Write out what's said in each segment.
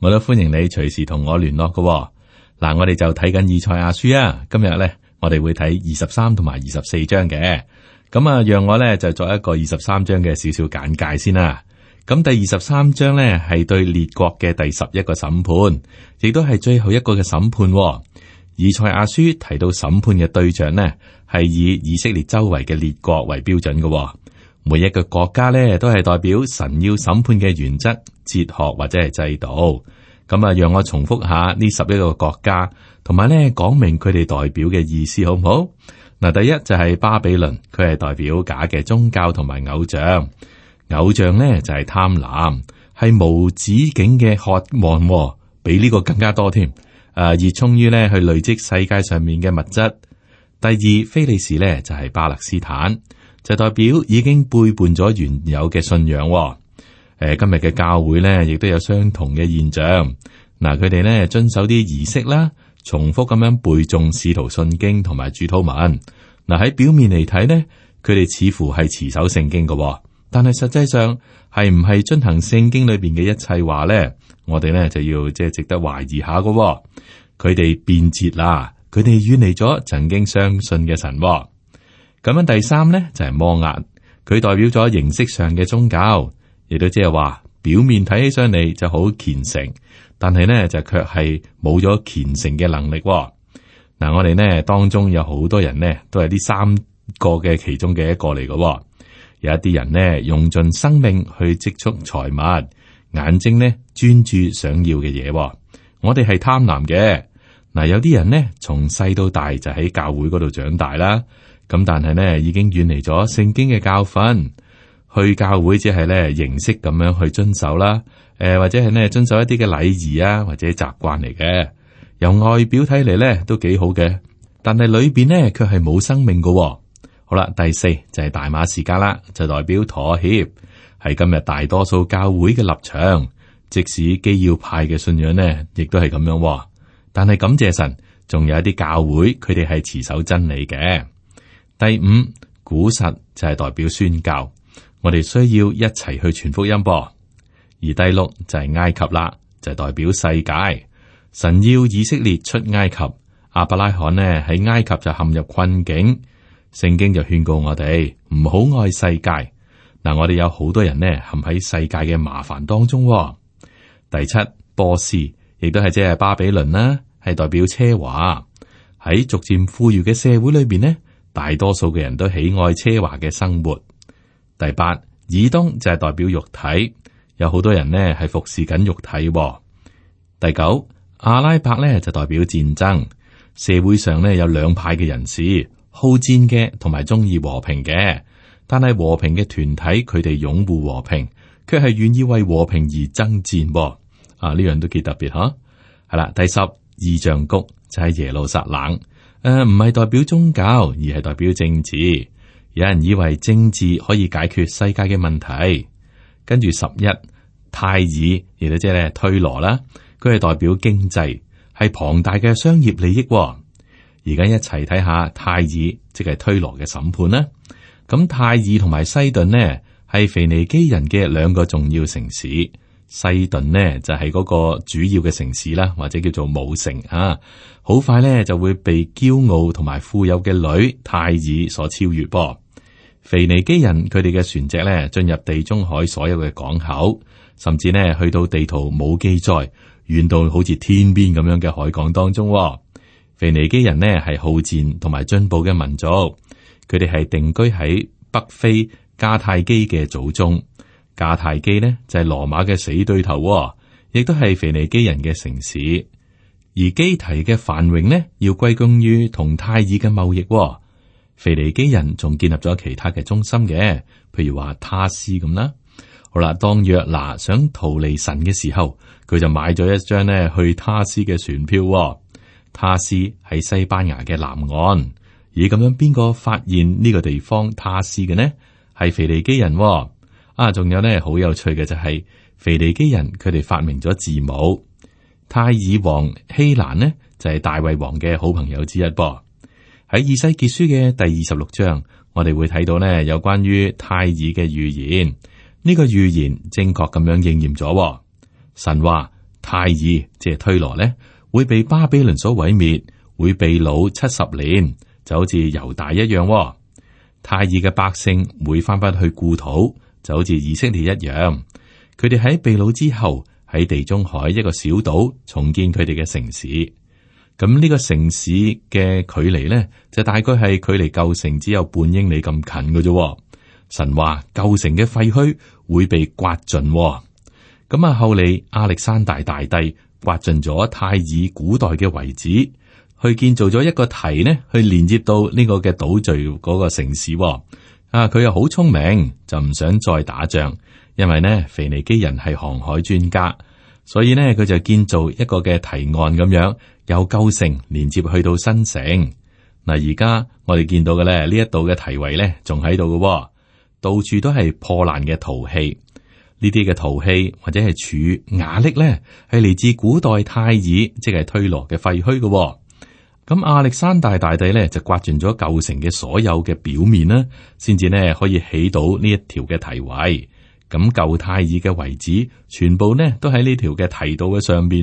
我都歡迎你隨時同我聯絡㗎喎。嗱，我哋就睇緊以賽亞書啊,今日呢，我哋會睇二十三同埋二十四章嘅。咁啊，讓我呢就作一個二十三章嘅少少簡介先啦。咁第二十三章呢係對列國嘅第十一個審判，亦都係最後一個嘅審判喎。以賽亞書提到審判嘅對象呢，係以以色列周圍嘅列國為標準㗎喎。每一個國家咧，都係代表神要審判嘅原則、哲學或者係制度。咁啊，讓我重複下呢十一個國家，同埋咧講明佢哋代表嘅意思，好唔好？嗱，第一就係、是、巴比倫，佢係代表假嘅宗教同埋偶像，偶像咧就係貪婪，係無止境嘅渴望，比呢個更加多添。誒，熱衷於咧去累積世界上面嘅物質。第二，非利士咧就係巴勒斯坦。就代表已經背叛咗原有嘅信仰、哦。誒、呃，今日嘅教會呢，亦都有相同嘅現象。嗱、呃，佢哋呢，遵守啲儀式啦，重複咁樣背誦使徒信經同埋主禱文。嗱、呃，喺表面嚟睇呢，佢哋似乎係持守聖經嘅、哦，但係實際上係唔係遵行聖經裏邊嘅一切話呢？我哋呢，就要即係值得懷疑下嘅、哦。佢哋變節啦，佢哋遠離咗曾經相信嘅神、哦。咁樣第三咧就係摩押，佢代表咗形式上嘅宗教，亦都即係話表面睇起上嚟，就好虔誠，但係咧就卻係冇咗虔誠嘅能力、哦。嗱、啊，我哋咧當中有好多人咧都係呢三個嘅其中嘅一個嚟嘅、哦，有一啲人咧用盡生命去積蓄財物，眼睛，咧專注想要嘅嘢、哦。我哋係貪婪嘅。嗱、啊，有啲人咧從細到大就喺教會嗰度長大啦。咁，但係咧已經遠離咗聖經嘅教訓，去教會只係咧形式咁樣去遵守啦。誒、呃，或者係咧遵守一啲嘅禮儀啊，或者習慣嚟嘅。由外表睇嚟咧都幾好嘅，但係裏邊咧卻係冇生命噶、哦。好啦，第四就係大馬士革啦，就代表妥協係今日大多數教會嘅立場，即使基要派嘅信仰咧，亦都係咁樣、哦。但係感謝神，仲有一啲教會佢哋係持守真理嘅。第五古實，就係、是、代表宣教，我哋需要一齊去傳福音。噃。而第六就係、是、埃及啦，就是、代表世界。神要以色列出埃及，阿伯拉罕呢喺埃及就陷入困境。聖經就勸告我哋唔好愛世界。嗱，我哋有好多人呢，陷喺世界嘅麻煩當中、哦。第七波斯，亦都係即係巴比倫啦，係代表奢華，喺逐漸富裕嘅社會裏邊呢。大多數嘅人都喜愛奢華嘅生活。第八，以東就係代表肉體，有好多人呢係服侍緊肉體哦。第九，阿拉伯咧就代表戰爭。社會上呢有兩派嘅人士，好戰嘅同埋中意和平嘅。但係和平嘅團體，佢哋擁護和平，卻係願意為和平而爭戰哦。啊，呢樣都幾特別吓。係啦，第十，意象谷就係耶路撒冷。誒，唔係、呃、代表宗教，而係代表政治。有人以為政治可以解決世界嘅問題。跟住十一泰爾，亦都即係推羅啦，佢係代表經濟係龐大嘅商業利益哦。而家一齊睇下泰爾即係推羅嘅審判啦。咁泰爾同埋西頓呢係腓尼基人嘅兩個重要城市。西頓呢就係嗰個主要嘅城市啦，或者叫做母城吓，好快呢就會被驕傲同埋富有嘅女兒泰爾所超越噃。腓尼基人佢哋嘅船隻呢進入地中海所有嘅港口，甚至呢去到地圖冇記載，遠到好似天邊咁樣嘅海港當中。腓尼基人呢係好戰同埋進步嘅民族，佢哋係定居喺北非迦太基嘅祖宗。迦太基呢就係羅馬嘅死對頭，亦都係腓尼基人嘅城市。而基提嘅繁榮呢，要歸功於同泰爾嘅貿易。腓尼基人仲建立咗其他嘅中心嘅，譬如話塔斯咁啦。好啦，當約拿想逃離神嘅時候，佢就買咗一張呢去塔斯嘅船票。塔斯喺西班牙嘅南岸。而咁樣邊個發現呢個地方塔斯嘅呢？係腓尼基人。啊，仲有咧，好有趣嘅就係、是、腓尼基人佢哋發明咗字母。泰爾王希蘭呢，就係大衛王嘅好朋友之一。噃，喺《以西結書》嘅第二十六章，我哋會睇到咧，有關於泰爾嘅預言。呢、這個預言正確咁樣應驗咗。神話泰爾即係推羅呢，會被巴比倫所毀滅，會被擄七十年，就好似猶大一樣。泰爾嘅百姓會翻返去故土。就好似以色列一樣，佢哋喺被擄之後，喺地中海一個小島重建佢哋嘅城市。咁呢個城市嘅距離呢，就大概係距離舊城只有半英里咁近嘅啫。神話舊城嘅廢墟會被刮盡。咁啊，後嚟亞歷山大大帝刮盡咗泰爾古代嘅遺址，去建造咗一個堤呢，去連接到呢個嘅島嶼嗰個城市。啊！佢又好聰明，就唔想再打仗，因為呢腓尼基人係航海專家，所以呢佢就建造一個嘅堤岸。咁樣，有舊城連接去到新城。嗱、啊，而家我哋見到嘅咧呢一度嘅堤圍呢，仲喺度嘅，到處都係破爛嘅陶器，呢啲嘅陶器或者係柱瓦礫呢，係嚟自古代泰爾，即係推羅嘅廢墟嘅、哦。咁亞歷山大大帝咧就刮盡咗舊城嘅所有嘅表面啦，先至呢可以起到呢一條嘅提位。咁舊泰爾嘅遺址全部呢都喺呢條嘅提道嘅上邊。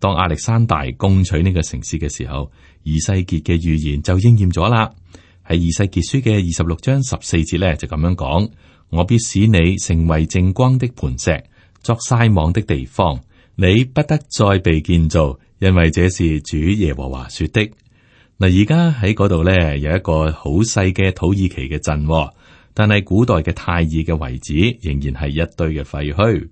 當亞歷山大攻取呢個城市嘅時候，以西結嘅預言就應驗咗啦。喺以西結書嘅二十六章十四節呢，就咁樣講：我必使你成為淨光的磐石，作曬網的地方，你不得再被建造。因為這是主耶和華說的。嗱，而家喺嗰度咧有一個好細嘅土耳其嘅鎮，哦，但係古代嘅泰爾嘅遺址仍然係一堆嘅廢墟。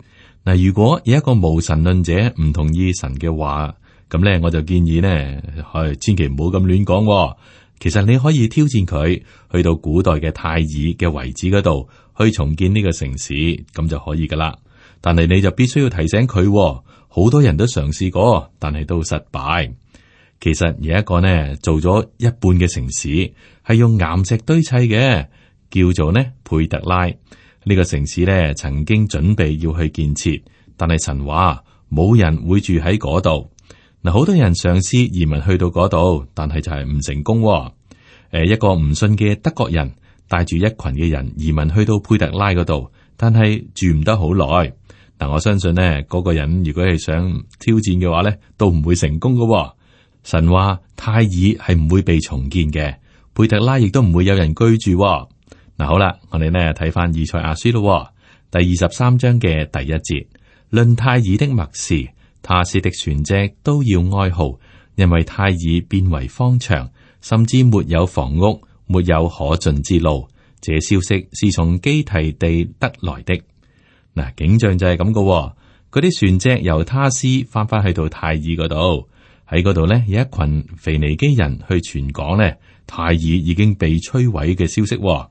嗱，如果有一個無神論者唔同意神嘅話，咁咧我就建議呢，去千祈唔好咁亂講，哦。其實你可以挑戰佢去到古代嘅泰爾嘅遺址嗰度去重建呢個城市，咁就可以噶啦。但係你就必須要提醒佢喎，好多人都嘗試過，但係都失敗。其實有一個呢，做咗一半嘅城市係用岩石堆砌嘅，叫做呢佩特拉，呢個城市呢，曾經準備要去建設，但係神話冇人會住喺嗰度嗱。好多人嘗試移民去到嗰度，但係就係唔成功喎。誒，一個唔信嘅德國人帶住一群嘅人移民去到佩特拉嗰度，但係住唔得好耐。嗱，但我相信呢，嗰、那個人如果係想挑戰嘅話呢都唔會成功噶、哦。神話泰爾係唔會被重建嘅，佩特拉亦都唔會有人居住、哦。嗱、啊，好啦，我哋呢睇翻以賽亞書咯、哦，第二十三章嘅第一節，論泰爾的默示，他施的船隻都要哀號，因為泰爾變為荒場，甚至沒有房屋，沒有可進之路。這消息是從基提地得來的。嗱，景象就係咁噶，嗰啲船隻由他斯翻翻去到泰爾嗰度，喺嗰度呢，有一群腓尼基人去傳講，呢泰爾已經被摧毀嘅消息、哦。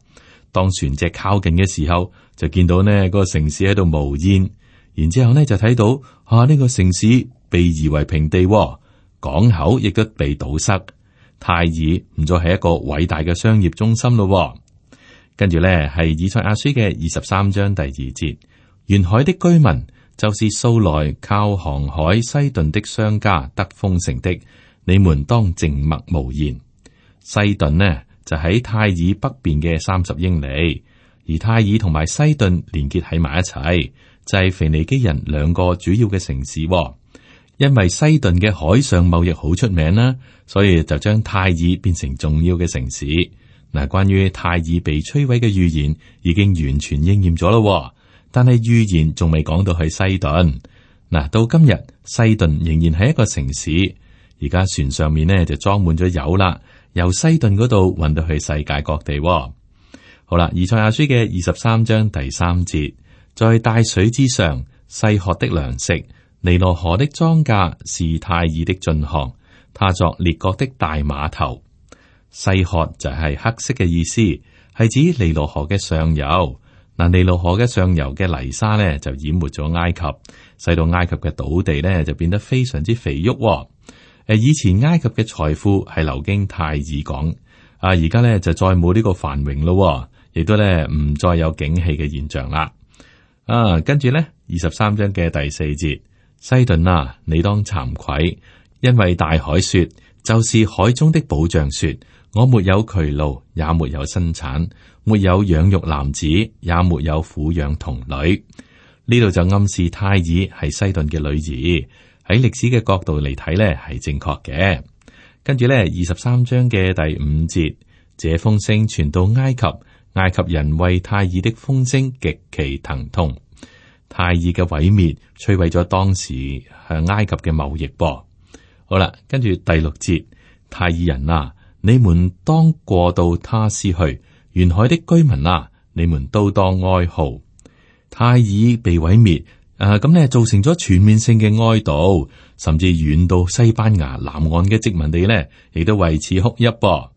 當船隻靠近嘅時候，就見到呢個城市喺度冒煙，然之後咧就睇到啊呢、呢個城市被夷為平地、哦，港口亦都被堵塞，泰爾唔再係一個偉大嘅商業中心咯、哦。跟住呢，係以賽亞書嘅二十三章第二節。沿海的居民就是素來靠航海西頓的商家得豐盛的。你們當靜默無言。西頓呢就喺泰爾北邊嘅三十英里，而泰爾同埋西頓連結喺埋一齊，就係腓尼基人兩個主要嘅城市。因為西頓嘅海上貿易好出名啦，所以就將泰爾變成重要嘅城市。嗱，關於泰爾被摧毀嘅預言已經完全應驗咗咯。但係預言仲未講到去西頓嗱，到今日西頓仍然係一個城市。而家船上面呢就裝滿咗油啦，由西頓嗰度運到去世界各地。好啦，以賽亞書嘅二十三章第三節，在大水之上，西曷的糧食，尼羅河的莊稼是泰爾的進項。他作列國的大碼頭。西曷就係黑色嘅意思，係指尼羅河嘅上游。嗱，尼羅河嘅上游嘅泥沙咧，就淹沒咗埃及，使到埃及嘅土地咧就變得非常之肥沃。誒，以前埃及嘅財富係流經泰爾港，啊，而家咧就再冇呢個繁榮咯，亦都咧唔再有景氣嘅現象啦。啊，跟住咧二十三章嘅第四節，西頓啊，你當慚愧，因為大海說，就是海中的保障說，我沒有渠路，也沒有生產，沒有養育男子，也沒有撫養童女。呢度就暗示泰爾係西頓嘅女兒。喺歷史嘅角度嚟睇呢係正確嘅。跟住呢，二十三章嘅第五節，這風聲傳到埃及，埃及人為泰爾的風聲極其疼痛。泰爾嘅毀滅摧毀咗當時向埃及嘅貿易噃。好啦，跟住第六節，泰爾人啊，你們當過到他施去。沿海的居民啊，你們都當哀號，泰爾被毀滅，誒咁咧造成咗全面性嘅哀悼，甚至遠到西班牙南岸嘅殖民地呢，亦都為此哭泣噃。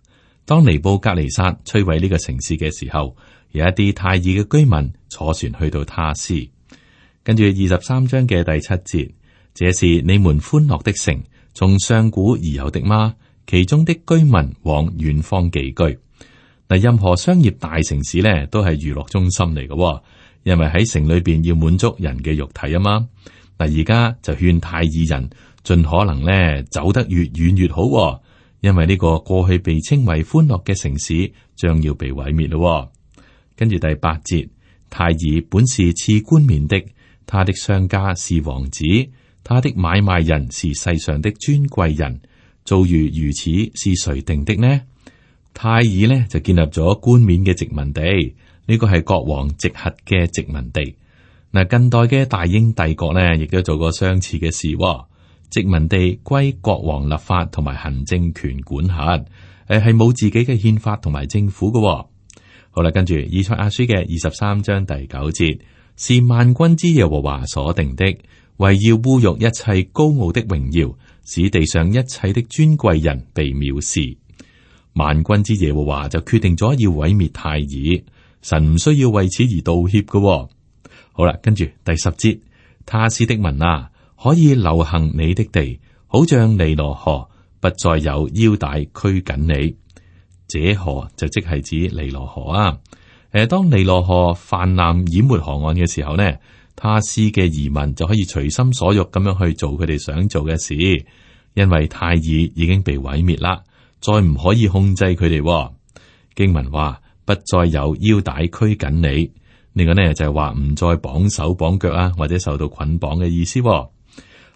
當尼布格尼撒摧毀呢個城市嘅時候，有一啲泰爾嘅居民坐船去到他斯，跟住二十三章嘅第七節，這是你們歡樂的城，從上古而有的嗎？其中的居民往遠方寄居。嗱，任何商業大城市呢都係娛樂中心嚟噶喎，因為喺城裏邊要滿足人嘅肉體啊嘛。嗱，而家就勸太爾人盡可能呢走得越遠越好喎，因為呢個過去被稱為歡樂嘅城市將要被毀滅咯喎。跟住第八節，太爾本是賜冠冕的，他的商家是王子，他的買賣人是世上的尊貴人，遭遇如此，是誰定的呢？泰爾呢就建立咗冠冕嘅殖民地，呢個係國王直轄嘅殖民地。嗱，近代嘅大英帝國呢，亦都做過相似嘅事，殖民地歸國王立法同埋行政權管轄，誒係冇自己嘅憲法同埋政府嘅。好啦，跟住以賽亞書嘅二十三章第九節，是萬軍之耶和華所定的，為要侮辱一切高傲的榮耀，使地上一切的尊貴人被藐視。萬軍之耶和華就決定咗要毀滅太爾，神唔需要為此而道歉嘅、哦。好啦，跟住第十節，他斯的民啊，可以流行你的地，好像尼羅河不再有腰帶拘緊你。這河就即係指尼羅河啊。誒，當尼羅河泛濫淹沒河岸嘅時候呢，他斯嘅移民就可以隨心所欲咁樣去做佢哋想做嘅事，因為太爾已經被毀滅啦。再唔可以控制佢哋，經文話，不再有腰帶拘緊你，另、這、一個咧就係話唔再綁手綁腳啊，或者受到捆綁嘅意思、哦。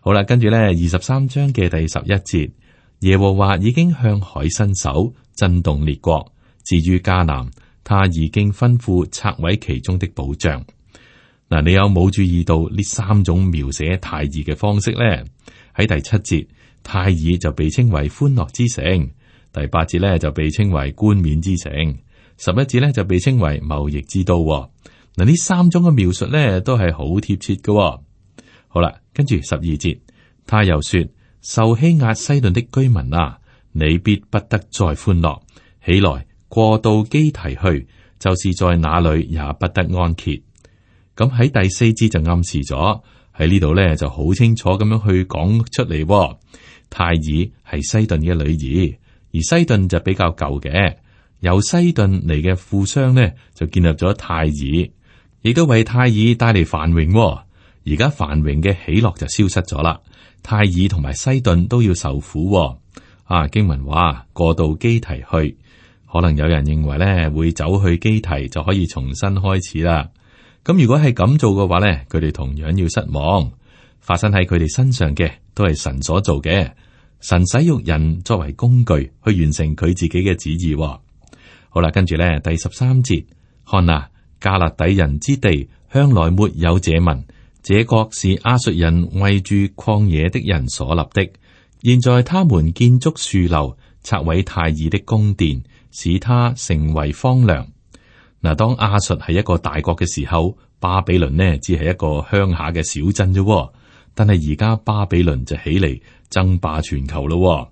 好啦，跟住呢，二十三章嘅第十一節，耶和華已經向海伸手，震動列國。至於迦南，他已經吩咐拆毀其中的保障。嗱，你有冇注意到呢三種描寫泰爾嘅方式呢？喺第七節，泰爾就被稱為歡樂之城。第八節咧就被稱為冠冕之城，十一節咧就被稱為貿易之都。嗱，呢三種嘅描述咧都係好貼切嘅。好啦，跟住十二節，他又說：受欺壓西頓的居民啊，你必不得再歡樂，起來，過到基提去，就是在哪裏也不得安歇。咁喺第四節就暗示咗喺呢度咧就好清楚咁樣去講出嚟，泰爾係西頓嘅女兒。而西頓就比較舊嘅，由西頓嚟嘅富商呢，就建立咗泰爾，亦都為泰爾帶嚟繁榮，哦。而家繁榮嘅喜樂就消失咗啦，泰爾同埋西頓都要受苦，哦。啊，經文話過到基提去，可能有人認為咧會走去基提就可以重新開始啦。咁如果係咁做嘅話咧，佢哋同樣要失望。發生喺佢哋身上嘅都係神所做嘅。神使用人作為工具去完成佢自己嘅旨意，哦。好啦，跟住咧，第十三節，看嗱、啊，加勒底人之地向來沒有這民，這國是亞述人為住曠野的人所立的。現在他們建築樹樓，拆毀太爾的宮殿，使他成為荒涼。嗱，當亞述係一個大國嘅時候，巴比倫呢只係一個鄉下嘅小鎮啫。但係而家巴比倫就起嚟。爭霸全球咯、哦，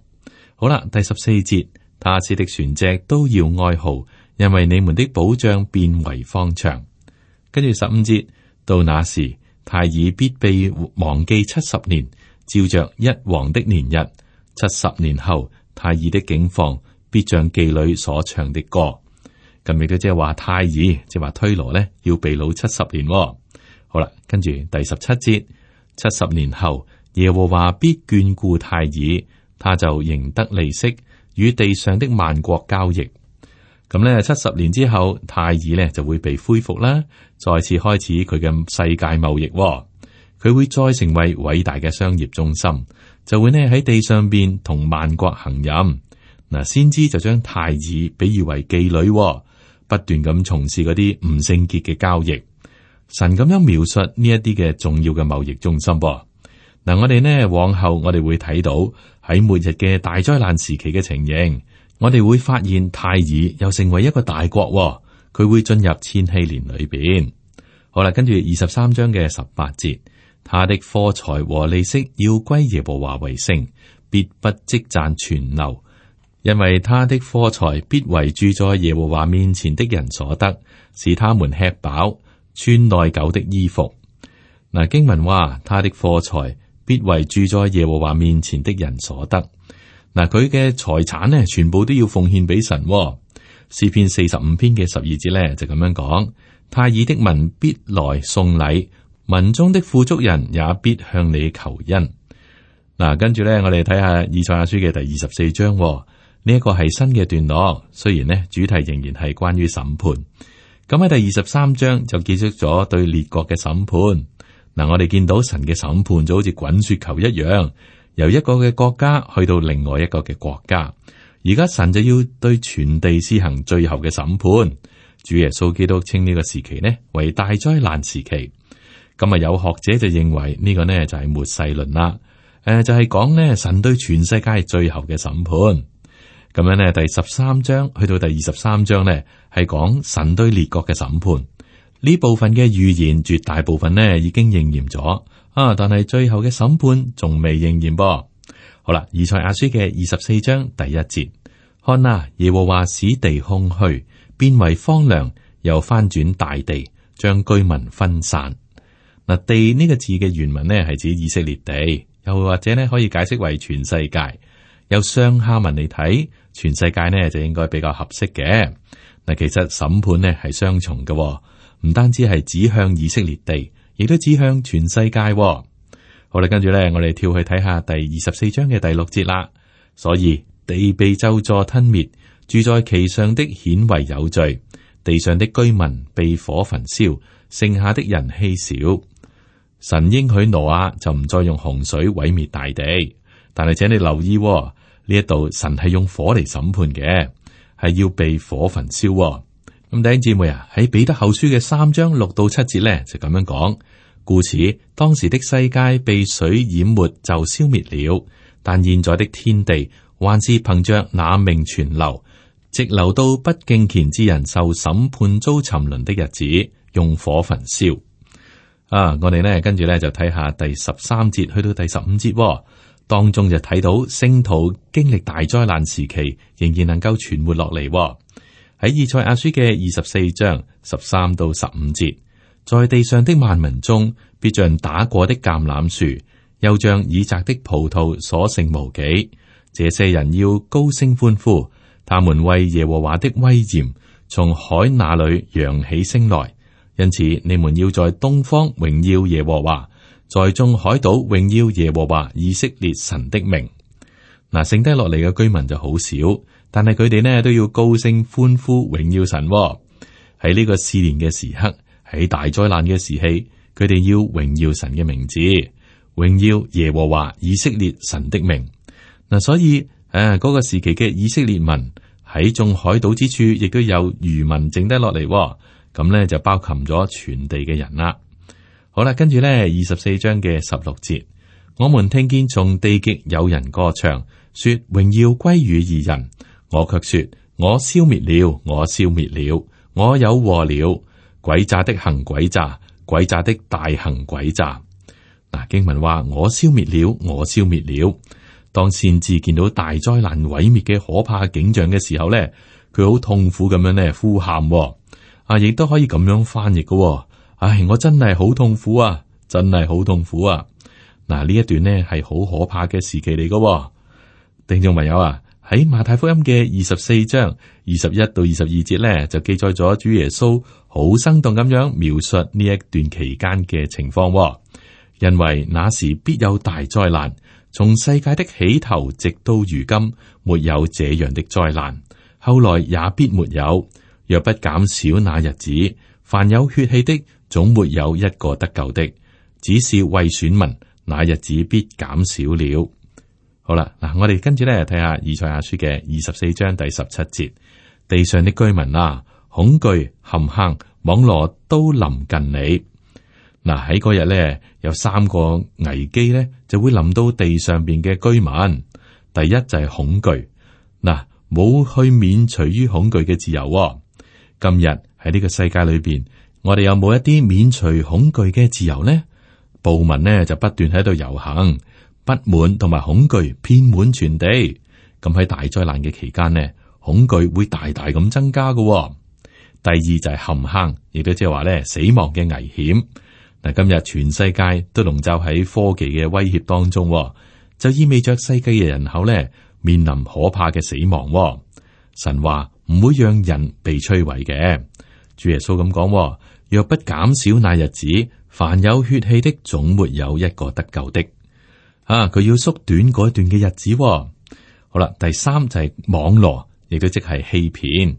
好啦，第十四節，他施的船隻都要哀號，因為你們的保障變為荒場。跟住十五節，到那時，太爾必被忘記七十年，照着一王的年日，七十年後，太爾的景況必像妓女所唱的歌。今日嘅即係話太爾，即係話推羅呢，要被老七十年、哦。好啦，跟住第十七節，七十年後。耶和華必眷顧泰爾，他就贏得利息，與地上的萬國交易。咁呢，七十年之後，泰爾呢就會被恢復啦，再次開始佢嘅世界貿易。佢會再成為偉大嘅商業中心，就會呢喺地上邊同萬國行淫嗱。先知就將泰爾比喻為妓女，不斷咁從事嗰啲唔聖潔嘅交易。神咁樣描述呢一啲嘅重要嘅貿易中心。嗱，我哋呢往後我哋會睇到喺末日嘅大災難時期嘅情形，我哋會發現泰爾又成為一個大國喎，佢會進入千禧年裏邊。好啦，跟住二十三章嘅十八節，他的貨財和利息要歸耶和華為聖，必不積攢存留，因為他的貨財必為住在耶和華面前的人所得，使他們吃飽穿耐久的衣服。嗱，經文話他的貨財。必為住在耶和華面前的人所得。嗱，佢嘅財產呢，全部都要奉獻俾神，哦。詩篇四十五篇嘅十二節呢，就咁樣講：泰爾的民必來送禮，民中的富足人也必向你求恩。嗱、啊，跟住呢，我哋睇下以賽亞書嘅第二十四章，哦，呢一個係新嘅段落。雖然呢主題仍然係關於審判。咁喺第二十三章就結束咗對列國嘅審判。嗱，我哋見到神嘅審判就好似滾雪球一樣，由一個嘅國家去到另外一個嘅國家。而家神就要對全地施行最後嘅審判。主耶穌基督稱呢個時期呢為大災難時期。咁啊，有學者就認為呢個呢就係末世論啦。誒，就係講呢神對全世界最後嘅審判。咁樣呢，第十三章去到第二十三章呢係講神對列國嘅審判。呢部分嘅預言絕大部分呢已經應驗咗啊，但係最後嘅審判仲未應驗噃。好啦，以賽亞書嘅二十四章第一節，看啊，耶和華使地空虛，變為荒涼，又翻轉大地，將居民分散。嗱、啊，地呢個字嘅原文呢係指以色列地，又或者呢可以解釋為全世界。由上下文嚟睇，全世界呢就應該比較合適嘅。嗱、啊，其實審判呢係雙重嘅、哦。唔單止係指向以色列地，亦都指向全世界、哦。好啦，跟住咧，我哋跳去睇下第二十四章嘅第六節啦。所以地被咒詛吞滅，住在其上的顯為有罪。地上的居民被火焚燒，剩下的人稀少。神應許挪亞就唔再用洪水毀滅大地。但係，請你留意呢一度，神係用火嚟審判嘅，係要被火焚燒、哦。咁弟兄姊妹啊，喺彼得後書嘅三章六到七節呢，就咁樣講，故此當時的世界被水淹沒就消滅了，但現在的天地還是憑着那命存留，直留到不敬虔之人受審判遭沉淪的日子，用火焚燒。啊，我哋呢，跟住呢，就睇下第十三節去到第十五節，當中就睇到聖徒經歷大災難時期，仍然能夠存活落嚟。喺以賽亞書嘅二十四章十三到十五節，在地上的萬民中，必像打過的橄欖樹，又像已摘的葡萄，所剩無幾。這些人要高聲歡呼，他們為耶和華的威嚴從海那裏揚起聲來。因此，你們要在東方榮耀耶和華，在眾海島榮耀耶和華以色列神的名。嗱，剩低落嚟嘅居民就好少。但係佢哋咧都要高聲歡呼，榮耀神喎、哦。喺呢個四年嘅時刻，喺大災難嘅時期，佢哋要榮耀神嘅名字，榮耀耶和華以色列神的名嗱、啊。所以誒，嗰、啊那個時期嘅以色列民喺眾海島之處，亦都有漁民剩低落嚟，咁呢就包含咗全地嘅人啦。好啦，跟住呢二十四章嘅十六節，我們聽見從地極有人歌唱，說榮耀歸於義人。我卻說：我消滅了，我消滅了，我有禍了。詭詐的行詭詐，詭詐的大行詭詐。嗱經文話：我消滅了，我消滅了。當先知見到大災難毀滅嘅可怕景象嘅時候咧，佢好痛苦咁樣咧呼喊，啊，亦都可以咁樣翻譯嘅。唉、哎，我真係好痛苦啊，真係好痛苦啊。嗱呢一段呢係好可怕嘅時期嚟嘅，聽眾朋友啊。喺馬太福音嘅二十四章二十一到二十二節呢，就記載咗主耶穌好生動咁樣描述呢一段期間嘅情況喎。因為那時必有大災難，從世界的起頭直到如今，沒有這樣的災難，後來也必沒有。若不減少那日子，凡有血氣的總沒有一個得救的，只是為選民，那日子必減少了。好啦，嗱，我哋跟住咧睇下《以賽亞書》嘅二十四章第十七節，地上的居民啊，恐懼、陷坑、網絡都臨近你。嗱，喺嗰日咧，有三個危機咧，就會臨到地上邊嘅居民。第一就係恐懼，嗱、啊，冇去免除於恐懼嘅自由、哦。今日喺呢個世界裏邊，我哋有冇一啲免除恐懼嘅自由呢？暴民呢，就不斷喺度遊行。不滿同埋恐懼遍滿全地。咁喺大災難嘅期間呢，恐懼會大大咁增加嘅、哦。第二就係陷坑，亦都即係話咧死亡嘅危險嗱。今日全世界都籠罩喺科技嘅威脅當中，就意味著世界嘅人口咧面臨可怕嘅死亡。神話唔會讓人被摧毀嘅，主耶穌咁講：若不減少那日子，凡有血氣的總沒有一個得救的。啊！佢要縮短嗰段嘅日子、哦。好啦，第三就係網絡，亦都即係欺騙。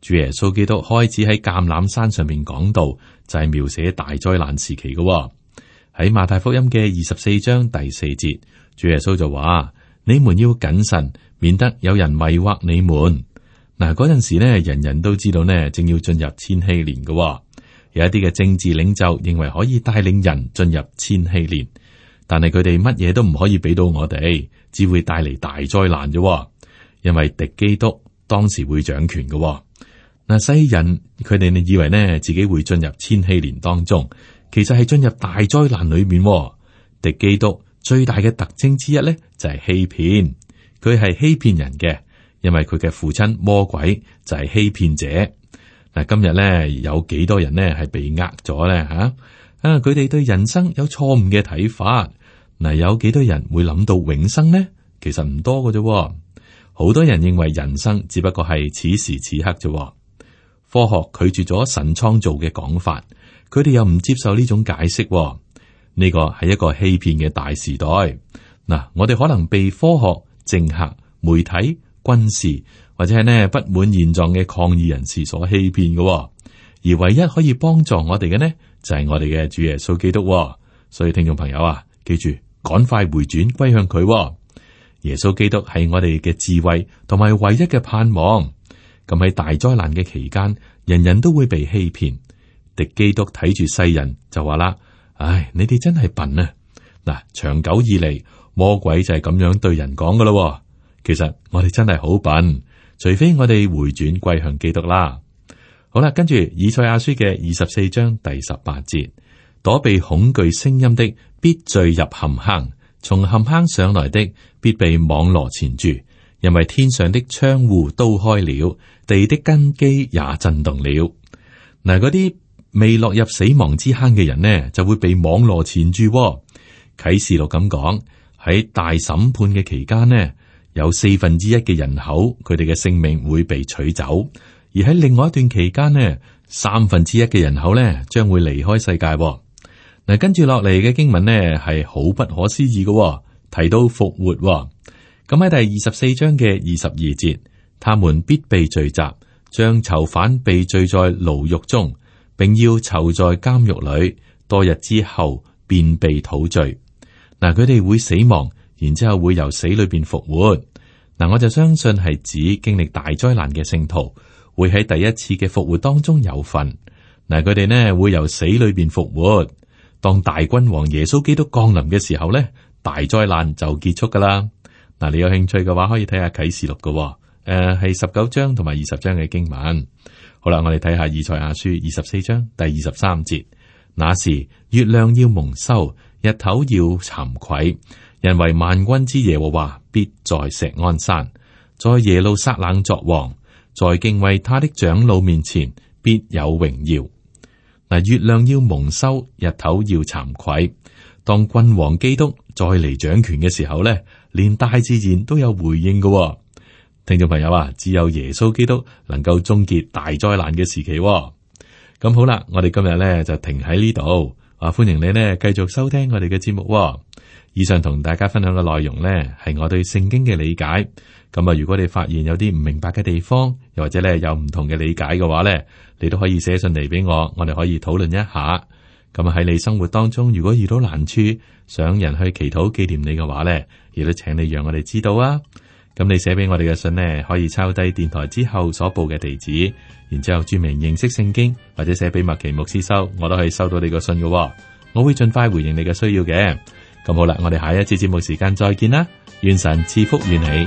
主耶穌基督開始喺橄欖山上面講道，就係、是、描寫大災難時期嘅、哦。喺馬太福音嘅二十四章第四節，主耶穌就話：你們要謹慎，免得有人迷惑你們。嗱嗰陣時咧，人人都知道呢，正要進入千禧年嘅、哦。有一啲嘅政治領袖認為可以帶領人進入千禧年。但係佢哋乜嘢都唔可以俾到我哋，只會帶嚟，大災難啫。因為敵基督當時會掌權嘅。嗱，西人佢哋以為呢自己會進入千禧年當中，其實係進入大災難裏面。敵基督最大嘅特徵之一呢，就係欺騙，佢係欺騙人嘅，因為佢嘅父親魔鬼就係欺騙者。嗱，今日呢，有幾多人呢係被呃咗呢？吓？啊！佢哋對人生有錯誤嘅睇法。嗱，有幾多人會諗到永生呢？其實唔多㗎啫。好多人認為人生只不過係此時此刻啫。科學拒絕咗神創造嘅講法，佢哋又唔接受呢種解釋。呢個係一個欺騙嘅大時代。嗱，我哋可能被科學、政客、媒體、軍事或者係呢，不滿現狀嘅抗議人士所欺騙嘅。而唯一可以幫助我哋嘅呢，就係我哋嘅主耶穌基督。哦，所以聽眾朋友啊，記住，趕快回轉歸向佢。哦。耶穌基督係我哋嘅智慧同埋唯一嘅盼望。咁喺大災難嘅期間，人人都會被欺騙。敵基督睇住世人就話啦：唉，你哋真係笨啊！嗱，長久以嚟，魔鬼就係咁樣對人講㗎啦。其實我哋真係好笨，除非我哋回轉歸向基督啦。好啦，跟住以賽亞書嘅二十四章第十八節，躲避恐懼聲音的必墜入陷坑，從陷坑上來的必被網羅纏住，因為天上的窗戶都開了，地的根基也震動了。嗱，嗰啲未落入死亡之坑嘅人呢，就會被網羅纏住喎。啟示錄咁講，喺大審判嘅期間呢，有四分之一嘅人口，佢哋嘅性命會被取走。而喺另外一段期間呢，三分之一嘅人口呢，將會離開世界。嗱，跟住落嚟嘅經文呢係好不可思議嘅，提到復活。咁喺第二十四章嘅二十二節，他們必被聚集，將囚犯被聚在牢獄中，並要囚在監獄裏多日之後，便被討罪嗱。佢哋會死亡，然之後會由死裏邊復活嗱。我就相信係指經歷大災難嘅聖徒。會喺第一次嘅復活當中有份，嗱，佢哋呢會由死裏邊復活，當大君王耶穌基督降臨嘅時候咧，大災難就結束噶啦。嗱，你有興趣嘅話，可以睇下啟示錄嘅，哦，誒係十九章同埋二十章嘅經文。好啦，我哋睇下以賽亞書二十四章第二十三節，那時月亮要蒙羞，日頭要慚愧，因為萬軍之耶和華必在錫安山，在耶路撒冷作王。在敬畏他的長老面前，必有榮耀。嗱，月亮要蒙羞，日頭要慚愧。當君王基督再嚟掌權嘅時候咧，連大自然都有回應嘅、哦。聽眾朋友啊，只有耶穌基督能夠終結大災難嘅時期、哦。咁好啦，我哋今日咧就停喺呢度啊！歡迎你呢繼續收聽我哋嘅節目、哦。以上同大家分享嘅內容呢，係我對聖經嘅理解。咁啊！如果你發現有啲唔明白嘅地方，又或者咧有唔同嘅理解嘅話咧，你都可以寫信嚟俾我，我哋可以討論一下。咁啊，喺你生活當中，如果遇到難處，想人去祈禱紀念你嘅話咧，亦都請你讓我哋知道啊。咁你寫俾我哋嘅信呢，可以抄低電台之後所報嘅地址，然之後注明認識聖經，或者寫俾麥奇牧師收，我都可以收到你個信嘅，哦。我會盡快回應你嘅需要嘅。咁好啦，我哋下一次節目時間再見啦。願神賜福與你。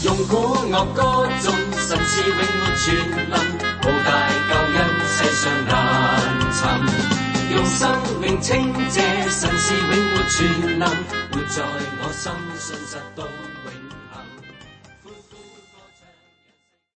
用鼓樂歌頌神是永活全能，好大救恩世上難尋。用生命稱謝，神是永活全能，活在我心信實到。